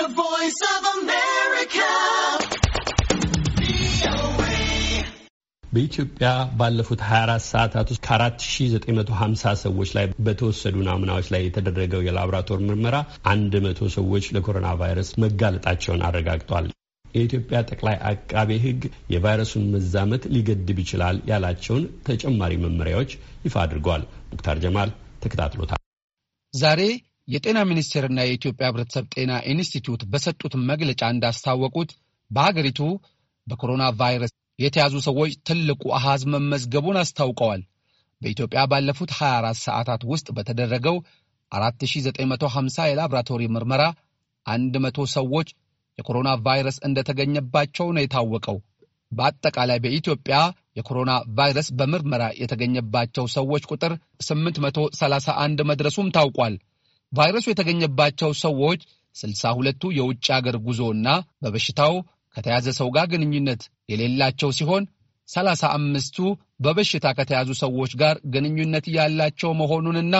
The Voice of America. በኢትዮጵያ ባለፉት 24 ሰዓታት ውስጥ ከ4950 ሰዎች ላይ በተወሰዱ ናሙናዎች ላይ የተደረገው የላብራቶር ምርመራ 100 ሰዎች ለኮሮና ቫይረስ መጋለጣቸውን አረጋግጧል። የኢትዮጵያ ጠቅላይ አቃቤ ሕግ የቫይረሱን መዛመት ሊገድብ ይችላል ያላቸውን ተጨማሪ መመሪያዎች ይፋ አድርጓል። ሙክታር ጀማል ተከታትሎታል። ዛሬ የጤና ሚኒስቴርና የኢትዮጵያ ህብረተሰብ ጤና ኢንስቲትዩት በሰጡት መግለጫ እንዳስታወቁት በሀገሪቱ በኮሮና ቫይረስ የተያዙ ሰዎች ትልቁ አሃዝ መመዝገቡን አስታውቀዋል። በኢትዮጵያ ባለፉት 24 ሰዓታት ውስጥ በተደረገው 4950 የላብራቶሪ ምርመራ 100 ሰዎች የኮሮና ቫይረስ እንደተገኘባቸው ነው የታወቀው። በአጠቃላይ በኢትዮጵያ የኮሮና ቫይረስ በምርመራ የተገኘባቸው ሰዎች ቁጥር 831 መድረሱም ታውቋል። ቫይረሱ የተገኘባቸው ሰዎች ስልሳ ሁለቱ የውጭ አገር ጉዞና በበሽታው ከተያዘ ሰው ጋር ግንኙነት የሌላቸው ሲሆን ሰላሳ አምስቱ በበሽታ ከተያዙ ሰዎች ጋር ግንኙነት ያላቸው መሆኑንና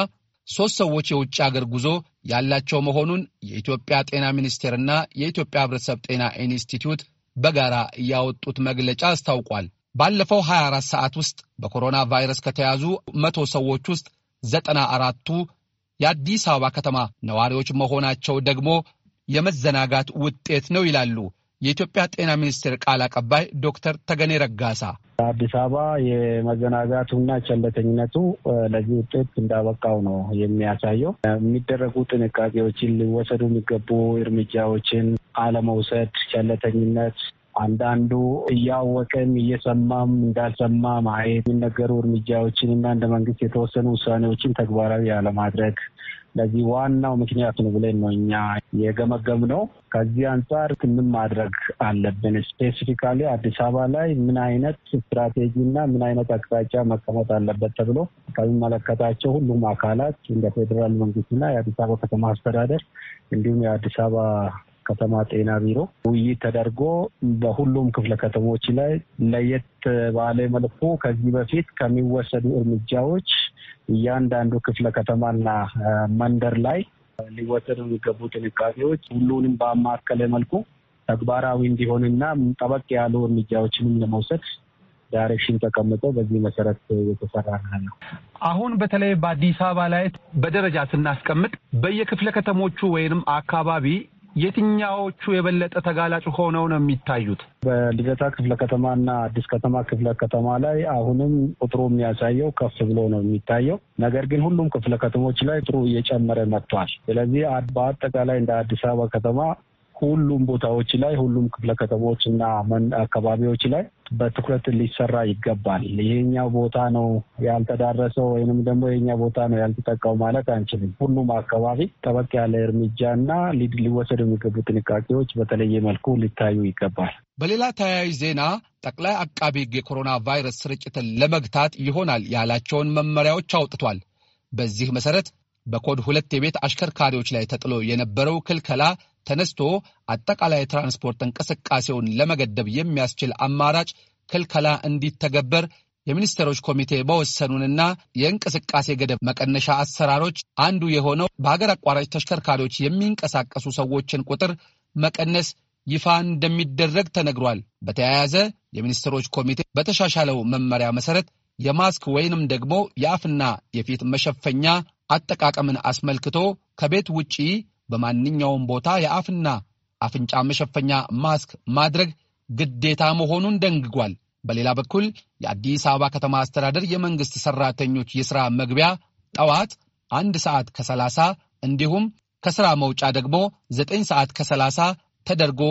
ሦስት ሰዎች የውጭ አገር ጉዞ ያላቸው መሆኑን የኢትዮጵያ ጤና ሚኒስቴርና የኢትዮጵያ ሕብረተሰብ ጤና ኢንስቲትዩት በጋራ ያወጡት መግለጫ አስታውቋል። ባለፈው 24 ሰዓት ውስጥ በኮሮና ቫይረስ ከተያዙ መቶ ሰዎች ውስጥ ዘጠና አራቱ የአዲስ አበባ ከተማ ነዋሪዎች መሆናቸው ደግሞ የመዘናጋት ውጤት ነው ይላሉ የኢትዮጵያ ጤና ሚኒስቴር ቃል አቀባይ ዶክተር ተገኔ ረጋሳ። አዲስ አበባ የመዘናጋቱና ቸለተኝነቱ ለዚህ ውጤት እንዳበቃው ነው የሚያሳየው። የሚደረጉ ጥንቃቄዎችን ሊወሰዱ የሚገቡ እርምጃዎችን አለመውሰድ፣ ቸለተኝነት አንዳንዱ እያወቀም እየሰማም እንዳልሰማ ማየት የሚነገሩ እርምጃዎችን እና እንደ መንግስት የተወሰኑ ውሳኔዎችን ተግባራዊ ያለማድረግ ለዚህ ዋናው ምክንያት ነው ብለን ነው እኛ የገመገም ነው። ከዚህ አንጻር ምን ማድረግ አለብን? ስፔሲፊካሊ አዲስ አበባ ላይ ምን አይነት ስትራቴጂ እና ምን አይነት አቅጣጫ መቀመጥ አለበት ተብሎ ከሚመለከታቸው ሁሉም አካላት እንደ ፌዴራል መንግስትና የአዲስ አበባ ከተማ አስተዳደር እንዲሁም የአዲስ አበባ ከተማ ጤና ቢሮ ውይይት ተደርጎ በሁሉም ክፍለ ከተሞች ላይ ለየት ባለ መልኩ ከዚህ በፊት ከሚወሰዱ እርምጃዎች እያንዳንዱ ክፍለ ከተማና መንደር ላይ ሊወሰዱ የሚገቡ ጥንቃቄዎች ሁሉንም በአማከለ መልኩ ተግባራዊ እንዲሆንና ጠበቅ ያሉ እርምጃዎችንም ለመውሰድ ዳይሬክሽን ተቀምጦ በዚህ መሰረት የተሰራ ነው። አሁን በተለይ በአዲስ አበባ ላይ በደረጃ ስናስቀምጥ በየክፍለ ከተሞቹ ወይንም አካባቢ የትኛዎቹ የበለጠ ተጋላጭ ሆነው ነው የሚታዩት? በልደታ ክፍለ ና አዲስ ከተማ ክፍለ ከተማ ላይ አሁንም ቁጥሩ የሚያሳየው ከፍ ብሎ ነው የሚታየው። ነገር ግን ሁሉም ክፍለ ከተሞች ላይ ቁጥሩ እየጨመረ መጥቷል። ስለዚህ በአጠቃላይ እንደ አዲስ አበባ ከተማ ሁሉም ቦታዎች ላይ ሁሉም ክፍለ ከተሞች እና አካባቢዎች ላይ በትኩረት ሊሰራ ይገባል። ይሄኛው ቦታ ነው ያልተዳረሰው ወይንም ደግሞ ይሄኛው ቦታ ነው ያልተጠቀው ማለት አንችልም። ሁሉም አካባቢ ጠበቅ ያለ እርምጃ እና ሊወሰዱ የሚገቡ ጥንቃቄዎች በተለየ መልኩ ሊታዩ ይገባል። በሌላ ተያያዥ ዜና ጠቅላይ አቃቢ ሕግ የኮሮና ቫይረስ ስርጭትን ለመግታት ይሆናል ያላቸውን መመሪያዎች አውጥቷል። በዚህ መሰረት በኮድ ሁለት የቤት አሽከርካሪዎች ላይ ተጥሎ የነበረው ክልከላ ተነስቶ አጠቃላይ የትራንስፖርት እንቅስቃሴውን ለመገደብ የሚያስችል አማራጭ ክልከላ እንዲተገበር የሚኒስትሮች ኮሚቴ በወሰኑንና የእንቅስቃሴ ገደብ መቀነሻ አሰራሮች አንዱ የሆነው በሀገር አቋራጭ ተሽከርካሪዎች የሚንቀሳቀሱ ሰዎችን ቁጥር መቀነስ ይፋ እንደሚደረግ ተነግሯል። በተያያዘ የሚኒስትሮች ኮሚቴ በተሻሻለው መመሪያ መሰረት የማስክ ወይንም ደግሞ የአፍና የፊት መሸፈኛ አጠቃቀምን አስመልክቶ ከቤት ውጪ በማንኛውም ቦታ የአፍና አፍንጫ መሸፈኛ ማስክ ማድረግ ግዴታ መሆኑን ደንግጓል። በሌላ በኩል የአዲስ አበባ ከተማ አስተዳደር የመንግሥት ሠራተኞች የሥራ መግቢያ ጠዋት አንድ ሰዓት ከ30 እንዲሁም ከሥራ መውጫ ደግሞ 9 ሰዓት ከ30 ተደርጎ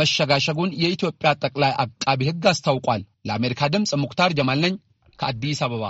መሸጋሸጉን የኢትዮጵያ ጠቅላይ አቃቢ ሕግ አስታውቋል። ለአሜሪካ ድምፅ ሙክታር ጀማል ነኝ ከአዲስ አበባ።